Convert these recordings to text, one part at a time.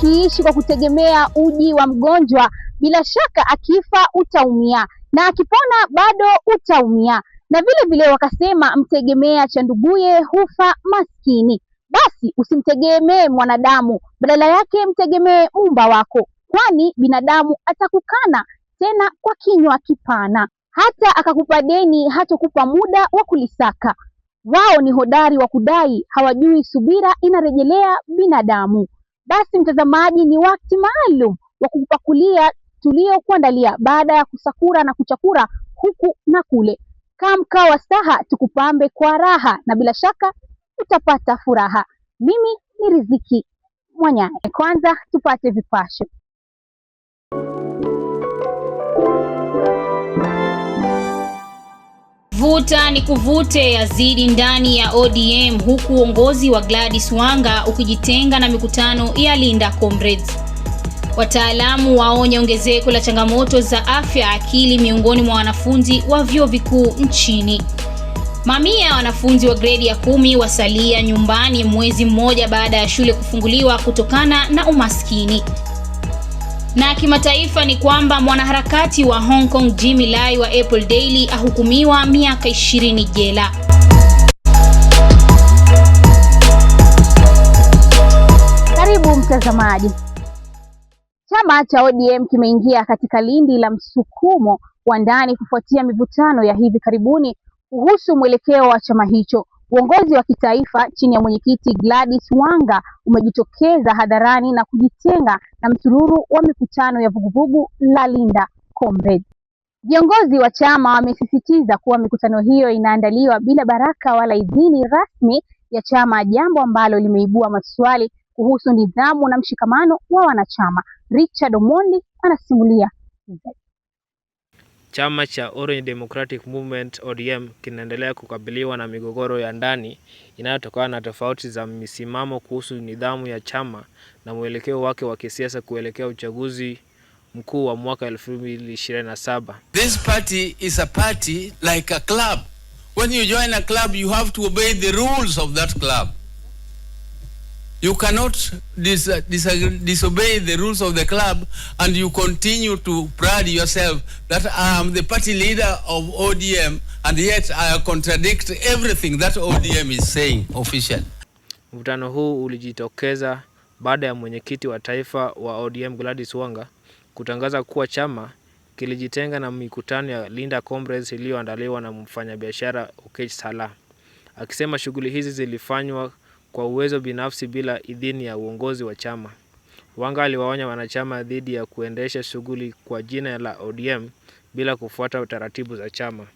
akiishi kwa kutegemea uji wa mgonjwa, bila shaka akifa utaumia na akipona bado utaumia. Na vile vile wakasema, mtegemea cha nduguye hufa maskini. Basi usimtegemee mwanadamu, badala yake mtegemee muumba wako, kwani binadamu atakukana tena kwa kinywa kipana. Hata akakupa deni, hatokupa muda wa kulisaka. Wao ni hodari wa kudai, hawajui subira inarejelea binadamu. Basi mtazamaji, ni wakati maalum wa kupakulia tuliokuandalia baada ya kusakura na kuchakura huku na kule. Kamka wa staha, tukupambe kwa raha, na bila shaka utapata furaha. Mimi ni Riziki mwanyane Kwanza tupate vipasho. Vuta ni kuvute yazidi ndani ya ODM huku uongozi wa Gladys Wanga ukijitenga na mikutano ya Linda Comrades. Wataalamu waonya ongezeko la changamoto za afya akili miongoni mwa wanafunzi wa vyuo vikuu nchini. Mamia ya wanafunzi wa gredi ya kumi wasalia nyumbani mwezi mmoja baada ya shule kufunguliwa kutokana na umaskini. Na kimataifa ni kwamba mwanaharakati wa Hong Kong Jimmy Lai wa Apple Daily ahukumiwa miaka 20 jela. Karibu mtazamaji. Chama cha ODM kimeingia katika lindi la msukumo wa ndani kufuatia mivutano ya hivi karibuni kuhusu mwelekeo wa chama hicho. Uongozi wa kitaifa chini ya mwenyekiti Gladys Wanga umejitokeza hadharani na kujitenga na msururu wa mikutano ya vuguvugu la Linda Comrade. Viongozi wa chama wamesisitiza kuwa mikutano hiyo inaandaliwa bila baraka wala idhini rasmi ya chama, jambo ambalo limeibua maswali kuhusu nidhamu na mshikamano wa wanachama. Richard Omondi anasimulia. Chama cha Orange Democratic Movement ODM kinaendelea kukabiliwa na migogoro ya ndani inayotokana na tofauti za misimamo kuhusu nidhamu ya chama na mwelekeo wake wa kisiasa kuelekea uchaguzi mkuu wa mwaka 2027. This party is a party like a club. When you join a club, you have to obey the rules of that club. You cannot dis dis disobey the rules of the club and you continue to pride yourself that I am the party leader of ODM and yet I contradict everything that ODM is saying officially. Mvutano huu ulijitokeza baada ya mwenyekiti wa taifa wa ODM Gladys Wanga kutangaza kuwa chama kilijitenga na mikutano ya Linda Comrades iliyoandaliwa na mfanyabiashara Okech Sala, akisema shughuli hizi zilifanywa kwa uwezo binafsi bila idhini ya uongozi wa chama. Wanga aliwaonya wanachama dhidi ya kuendesha shughuli kwa jina la ODM bila kufuata taratibu za chama.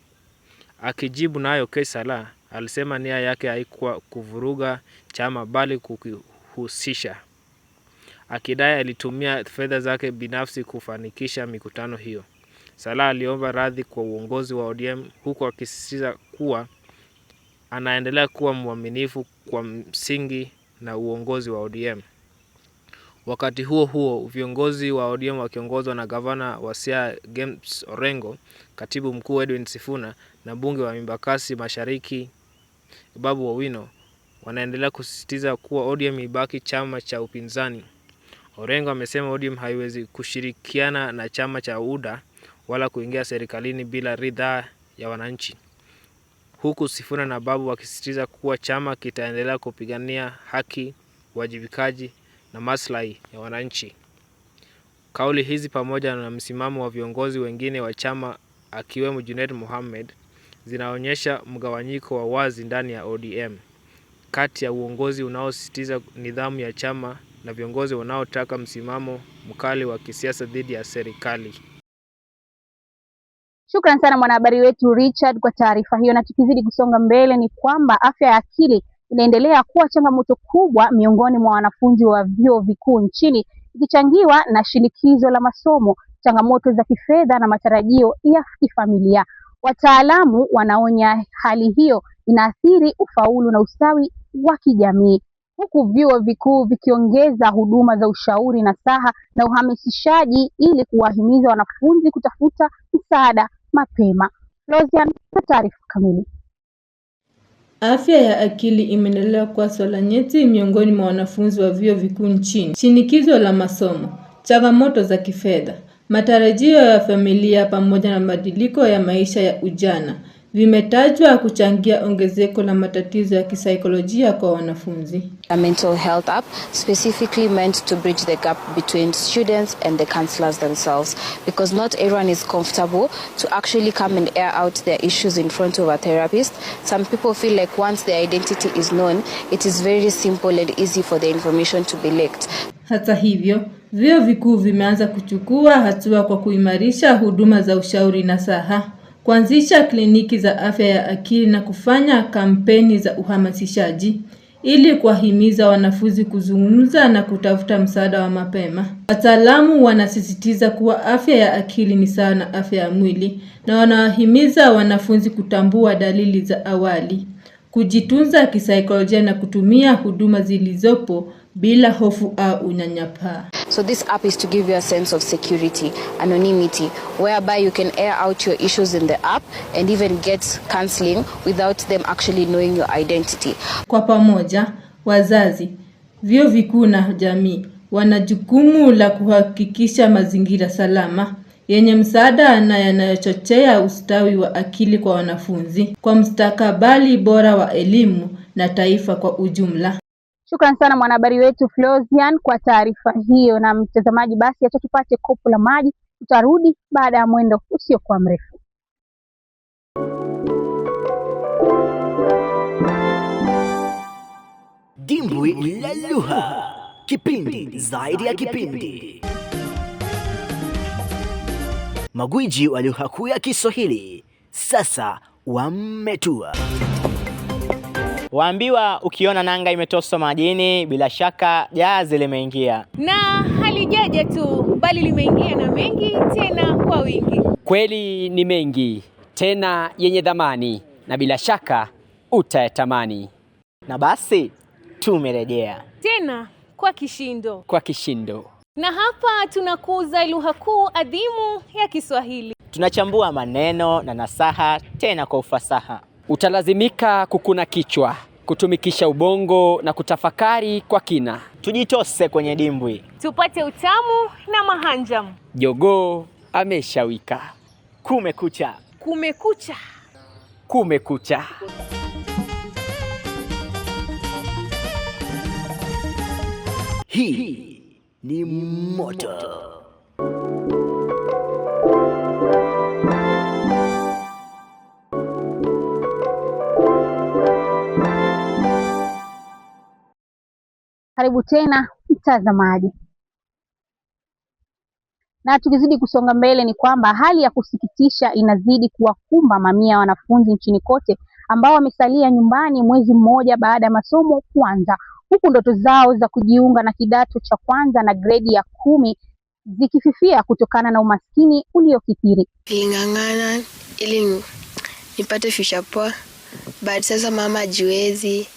Akijibu nayo K Salah alisema nia yake haikuwa kuvuruga chama bali kukihusisha, akidai alitumia fedha zake binafsi kufanikisha mikutano hiyo. Salah aliomba radhi kwa uongozi wa ODM huku akisisitiza kuwa anaendelea kuwa mwaminifu kwa msingi na uongozi wa ODM. Wakati huo huo, viongozi wa ODM wakiongozwa na gavana wa Siaya James Orengo, katibu mkuu Edwin Sifuna na mbunge wa Embakasi Mashariki Babu Owino wanaendelea kusisitiza kuwa ODM ibaki chama cha upinzani. Orengo amesema ODM haiwezi kushirikiana na chama cha UDA wala kuingia serikalini bila ridhaa ya wananchi huku Sifuna na Babu wakisisitiza kuwa chama kitaendelea kupigania haki, uwajibikaji na maslahi ya wananchi. Kauli hizi pamoja na msimamo wa viongozi wengine wa chama akiwemo Junet Mohamed zinaonyesha mgawanyiko wa wazi ndani ya ODM kati ya uongozi unaosisitiza nidhamu ya chama na viongozi wanaotaka msimamo mkali wa kisiasa dhidi ya serikali. Shukran sana mwanahabari wetu Richard kwa taarifa hiyo, na tukizidi kusonga mbele ni kwamba afya ya akili inaendelea kuwa changamoto kubwa miongoni mwa wanafunzi wa vyuo vikuu nchini, ikichangiwa na shinikizo la masomo, changamoto za kifedha na matarajio ya kifamilia. Wataalamu wanaonya hali hiyo inaathiri ufaulu na ustawi wa kijamii, huku vyuo vikuu vikiongeza huduma za ushauri na saha na uhamasishaji ili kuwahimiza wanafunzi kutafuta msaada mapema. Lozian na taarifa kamili. Afya ya akili imeendelea kuwa swala nyeti miongoni mwa wanafunzi wa vyuo vikuu nchini. Shinikizo la masomo, changamoto za kifedha, matarajio ya familia pamoja na mabadiliko ya maisha ya ujana vimetajwa kuchangia ongezeko la matatizo ya kisaikolojia kwa wanafunzi. A mental health app specifically meant to bridge the gap between students and the counselors themselves because not everyone is comfortable to actually come and air out their issues in front of a therapist. Some people feel like once their identity is known, it is very simple and easy for the information to be leaked. Hata hivyo, vyuo vikuu vimeanza kuchukua hatua kwa kuimarisha huduma za ushauri na saha kuanzisha kliniki za afya ya akili na kufanya kampeni za uhamasishaji ili kuwahimiza wanafunzi kuzungumza na kutafuta msaada wa mapema. Wataalamu wanasisitiza kuwa afya ya akili ni sawa na afya ya mwili na wanawahimiza wanafunzi kutambua dalili za awali, kujitunza kisaikolojia na kutumia huduma zilizopo bila hofu au unyanyapaa. So this app is to give you a sense of security, anonymity, whereby you can air out your issues in the app and even get counseling without them actually knowing your identity. Kwa pamoja, wazazi, vyuo vikuu na jamii wana jukumu la kuhakikisha mazingira salama yenye msaada na yanayochochea ustawi wa akili kwa wanafunzi kwa mstakabali bora wa elimu na taifa kwa ujumla. Shukran sana mwanahabari wetu Flozian kwa taarifa hiyo. Na mtazamaji, basi acha tupate kopo la maji, tutarudi baada ya mwendo usiokuwa mrefu. Dimbwi la lugha, kipindi zaidi ya kipindi, magwiji wa lugha kuu ya Kiswahili sasa wametua. Waambiwa ukiona nanga imetoswa majini, bila shaka jazi limeingia. Na halijaja tu, bali limeingia na mengi tena kwa wingi. Kweli ni mengi tena yenye dhamani, na bila shaka utayatamani. Na basi tumerejea tena kwa kishindo, kwa kishindo. Na hapa tunakuza lugha kuu adhimu ya Kiswahili, tunachambua maneno na nasaha tena kwa ufasaha utalazimika kukuna kichwa, kutumikisha ubongo na kutafakari kwa kina. Tujitose kwenye dimbwi tupate utamu na mahanjam Jogoo ameshawika. Kumekucha, kumekucha, kumekucha. Hii ni moto. Karibu tena mtazamaji, na tukizidi kusonga mbele ni kwamba hali ya kusikitisha inazidi kuwakumba mamia ya wanafunzi nchini kote ambao wamesalia nyumbani mwezi mmoja baada ya masomo kuanza, huku ndoto zao za kujiunga na kidato cha kwanza na gredi ya kumi zikififia kutokana na umaskini uliokithiri. Niling'ang'ana ili nipate fisha poa, but sasa mama ajiwezi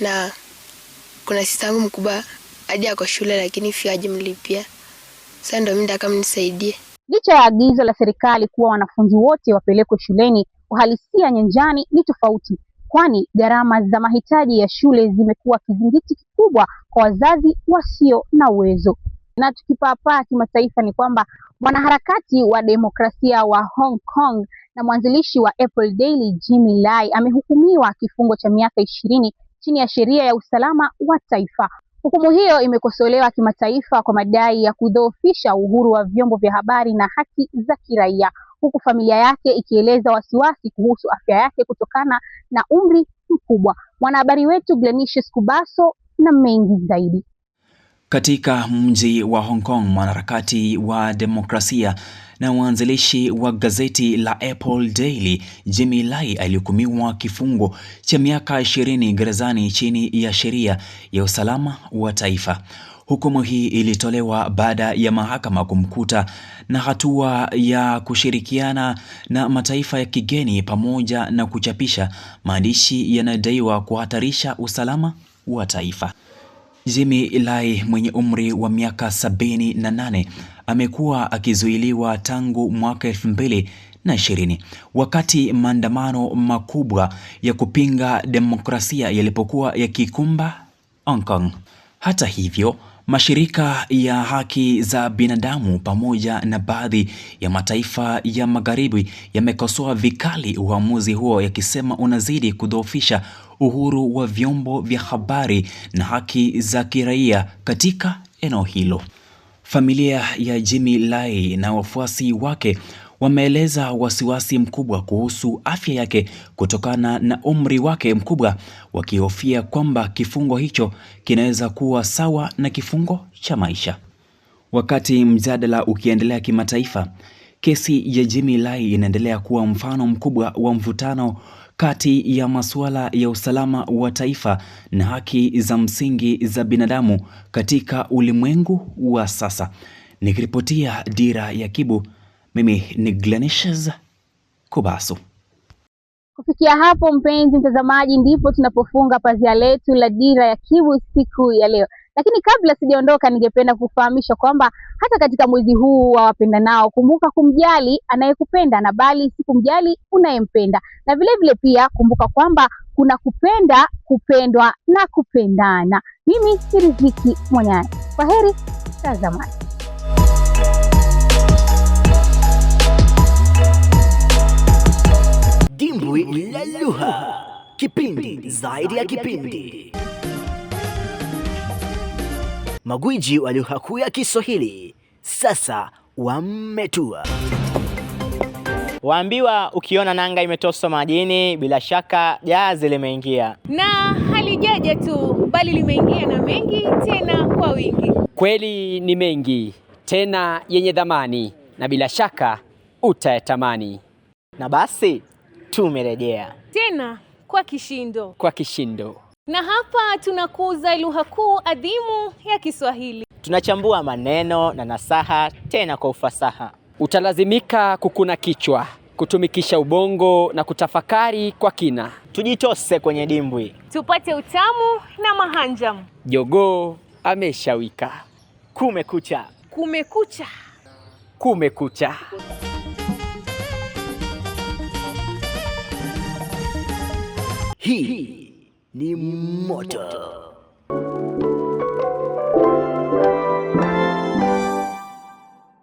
na kuna sista yangu mkubwa aje kwa shule lakini fia hajamlipia. Sasa ndio mimi nataka mnisaidie. Licha ya agizo la serikali kuwa wanafunzi wote wapelekwe shuleni, uhalisia nyanjani ni tofauti, kwani gharama za mahitaji ya shule zimekuwa kizingiti kikubwa kwa wazazi wasio na uwezo. Na tukipapaa kimataifa ni kwamba mwanaharakati wa demokrasia wa Hong Kong na mwanzilishi wa Apple Daily Jimmy Lai amehukumiwa kifungo cha miaka ishirini chini ya sheria ya usalama wa taifa. Hukumu hiyo imekosolewa kimataifa kwa madai ya kudhoofisha uhuru wa vyombo vya habari na haki za kiraia, huku familia yake ikieleza wasiwasi kuhusu afya yake kutokana na umri mkubwa. Mwanahabari wetu Glenishes Kubaso na mengi zaidi. Katika mji wa Hong Kong, mwanaharakati wa demokrasia na mwanzilishi wa gazeti la Apple Daily Jimmy Lai alihukumiwa kifungo cha miaka ishirini gerezani chini ya sheria ya usalama wa taifa. Hukumu hii ilitolewa baada ya mahakama kumkuta na hatua ya kushirikiana na mataifa ya kigeni pamoja na kuchapisha maandishi yanayodaiwa kuhatarisha usalama wa taifa. Jimmy Lai mwenye umri wa miaka sabini na nane amekuwa akizuiliwa tangu mwaka elfu mbili na ishirini wakati maandamano makubwa ya kupinga demokrasia yalipokuwa yakikumba Hong Kong. Hata hivyo Mashirika ya haki za binadamu pamoja na baadhi ya mataifa ya Magharibi yamekosoa vikali uamuzi huo yakisema unazidi kudhoofisha uhuru wa vyombo vya habari na haki za kiraia katika eneo hilo. Familia ya Jimmy Lai na wafuasi wake wameeleza wasiwasi mkubwa kuhusu afya yake kutokana na umri wake mkubwa, wakihofia kwamba kifungo hicho kinaweza kuwa sawa na kifungo cha maisha. Wakati mjadala ukiendelea kimataifa, kesi ya Jimmy Lai inaendelea kuwa mfano mkubwa wa mvutano kati ya masuala ya usalama wa taifa na haki za msingi za binadamu katika ulimwengu wa sasa. Nikiripotia Dira ya Kibu mimi ni Glenishes Kubasu. Kufikia hapo, mpenzi mtazamaji, ndipo tunapofunga pazia letu la Dira ya Kibu siku ya leo. Lakini kabla sijaondoka, ningependa kufahamisha kwamba hata katika mwezi huu wa wapendanao, kumbuka kumjali anayekupenda na bali si kumjali unayempenda, na vile vile pia kumbuka kwamba kuna kupenda, kupendwa na kupendana. Mimi ni Riziki Mwanyani, kwa heri tazamani. Luha, kipindi zaidi ya kipindi. Magwiji wa lugha kuu ya Kiswahili sasa wametua. Waambiwa ukiona nanga imetoswa majini, bila shaka jazi limeingia, na halijaja tu, bali limeingia na mengi, tena kwa wingi. Kweli ni mengi tena yenye dhamani, na bila shaka utayatamani. Na basi tumerejea tena kwa kishindo, kwa kishindo, na hapa tunakuza lugha kuu adhimu ya Kiswahili. Tunachambua maneno na nasaha tena kwa ufasaha. Utalazimika kukuna kichwa, kutumikisha ubongo na kutafakari kwa kina. Tujitose kwenye dimbwi, tupate utamu na mahanjam Jogoo ameshawika. Kumekucha, kumekucha, kumekucha. Hii ni moto.